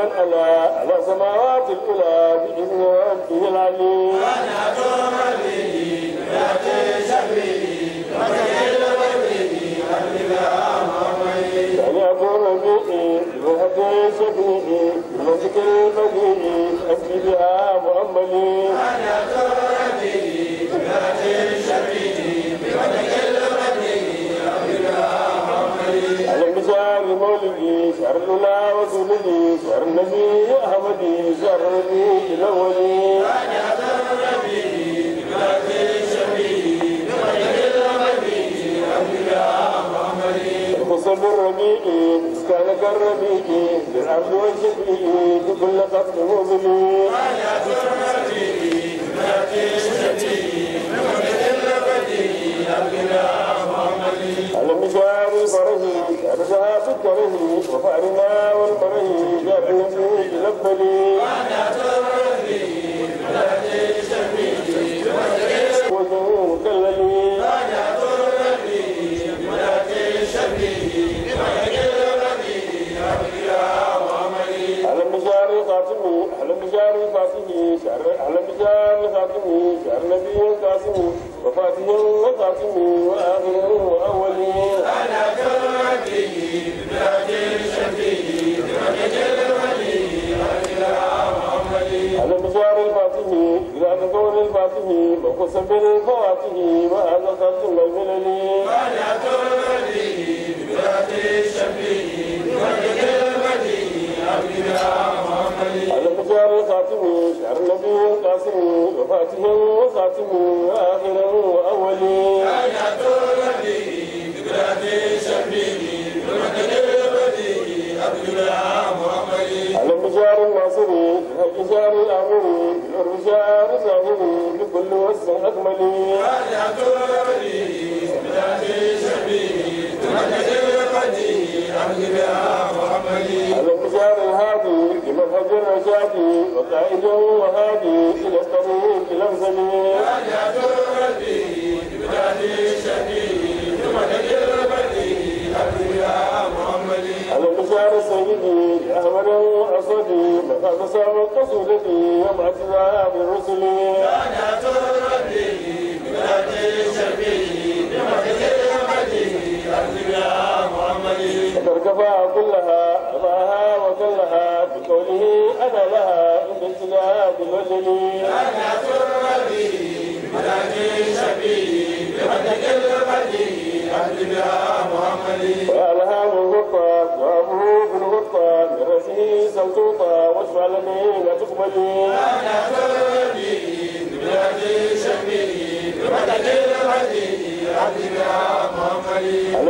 من ألا على سماوات الإله بإذن ربه العليم أحمدي شر لا وسولدي شر نبي أحمدي شر نبي الأولي قصب الربيع كان كالربيع للعبد والشفيع بكل قصد مؤمني آية الربيع تنادي الشفيع بمجد الأبدي أبقنا رفعنا والقمن جاء في الأولين النبي قاسم وفاته وخاتم آخر وأول آيات النبي ببلاد شبيه بمكان البديع عبد الله محمد على المجار الناصري الحجار الأمري الرجال الظاهري بكل وسع أكملي آيات النبي ببلاد شبيه بمكان البديع عبد الله محمد الرجال الهادي بمنهج الرشاد وقائده وهادي إلى الطريق الأمثل الجهاد مدني أنا تربي منهجي شبيه بهدك الغدي أهدي يا محمدي وألهام لا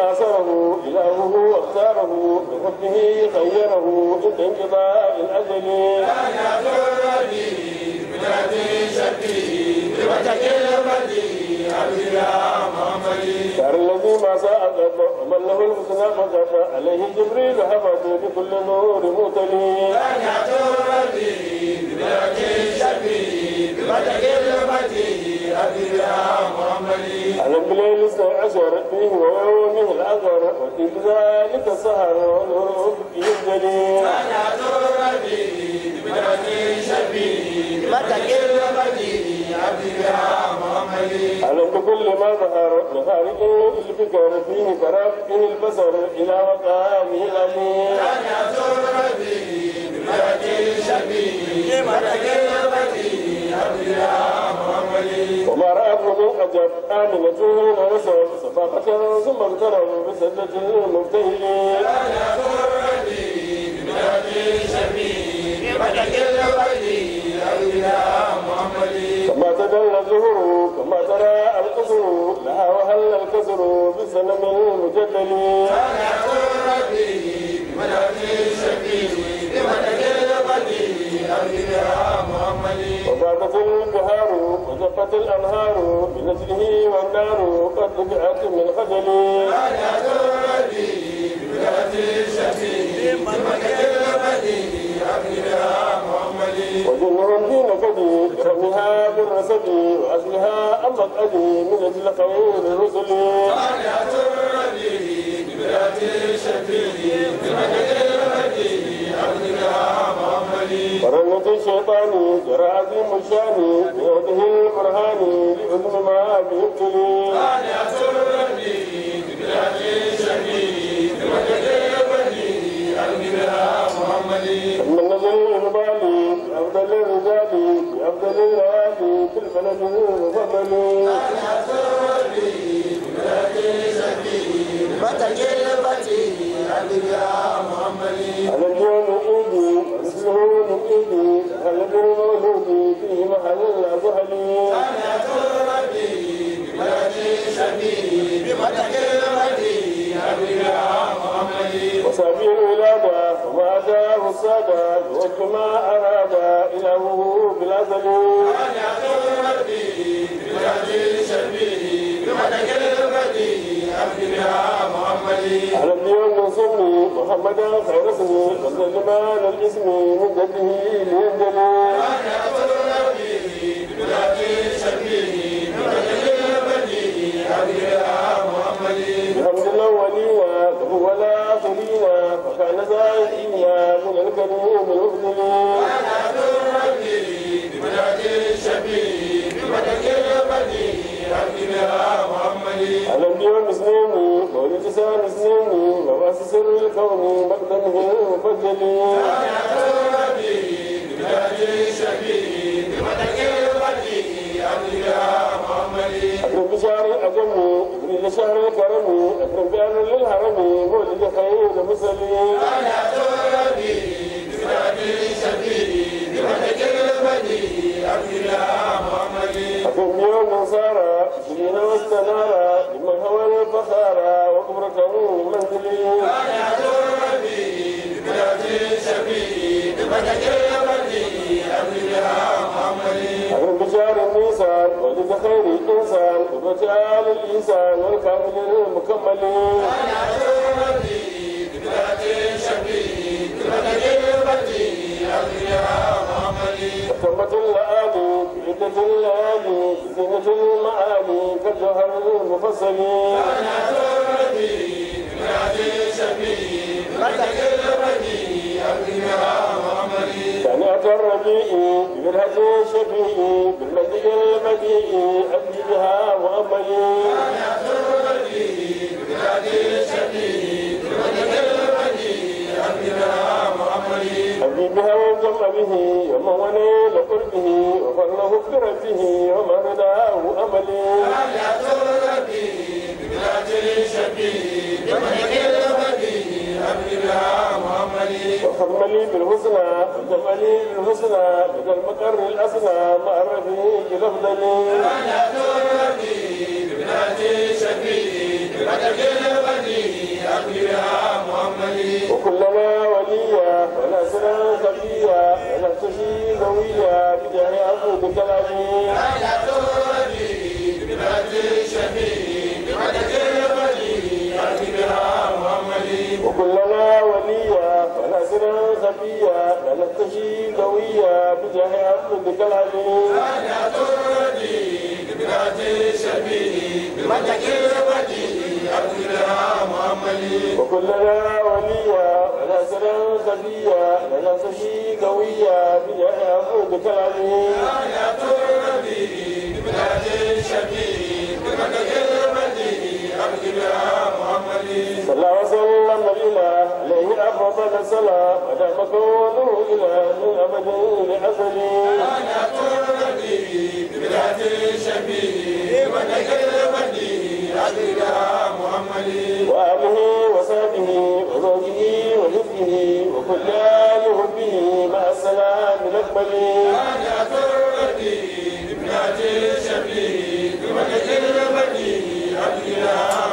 آثره إلهه واختاره بحبه خيره ضد انقضاء الأجل يا نور من شبه بوجهك المدين ترى الذي ما ساء من له الحسنى فقف عليه جبريل حفظ بكل نور متلي على الليل عشر فيه ويومه الاخر وفي ذلك سهر ونور به الجليل ما ظهر لخارج الفكر فيه كراف من البصر إلى وطامه الأمين لم يزور ربي بملك شبيه ملك البديع أبيا وما رأت من أجب آمنة هنا نصر صفاقة ثم اغترب بسدة المبتهلين لا يزور ربي بملك شبيه ملك البديع أبيا محمد كما تجلى الظهور لا وهل الكسر بسلم المجدل فنقول ربه بمدد شفيه بمدد الغني أرجل يا محمد وبادت البهار وجفت الأنهار بنجله والنار قد رجعت من خجلي فنقول ربه بمدد شفيه وقد أني من أجل خير رسلي فأنا ترديه شفيه بمجد الشيطان جرى عظيم الشان بيده البرهان لحكم ما بيبتلي فأنا ترديه ببلاد شفيه ولده وبطنه على الجوع نقودي مثله نقودي على الجوع مولودي فيه محل الأبهلي أنا تربي ببلدي سبيلي بمتكلمتي أبدا محمدي وسبيل الأبا وما أتاه الصبا وكما إلهه بالأزل أن يقوم ربي بهدي شبيه بملك المدي أبدي بها محمدي أهلا من سمي محمدا خير اسمي وسلم على الاسم من جده ليبدل أن يقوم ربي بهدي شبيه بملك المدي أبدي بها محمدي بحمد فكان من الكريم المفضل القبور فيأتون به بمهدي شفيه بمدك الغدي أنبياء محمدي أكرم بشار الأجم أكرم بشار الكرم أكرم بيان للهرم ولد خير المسلمين فيأتون به بمهدي شفيه بمدك الغدي أنبياء محمدي أكرم يوم نصارى بمنا واستنارى بمن هوى الفخارى المفصلين أنا تربي من عدي شفيع سمعت الربيع بمنهج الشفيع بالمجد البديع أبدي بها وأملي سمعت الربيع بمنهج الشفيع بالمجد البديع أبدي بها وأملي أبدي بها وجمله ومولي لقربه وفضله كرته وما رداه أملي على معرفي بأفضل وكلنا وليا ولا سنة سبيا ولا سجي قويا بجاه أبو بكلامي صفية بلغت شيء قوية بجاه عبدك العزيز أنا تردي ببلاد شبيه بمدك الودي أبدلها مؤملي وكلها ولية ولا سلام صفية بلغت شيء قوية بجاه عبدك العزيز أنا تردي ببلاد شبيه أقبل صلاة ولا مكونه إلى من أبدي لأبدي أنا تربي ببلاد الشبيه ونجل ولي أبدا محمدي وأبه وصحبه وزوجه وحبه وكل يحبه مع السلام نقبلي أنا تربي ببلاد الشبيه ونجل ولي أبدا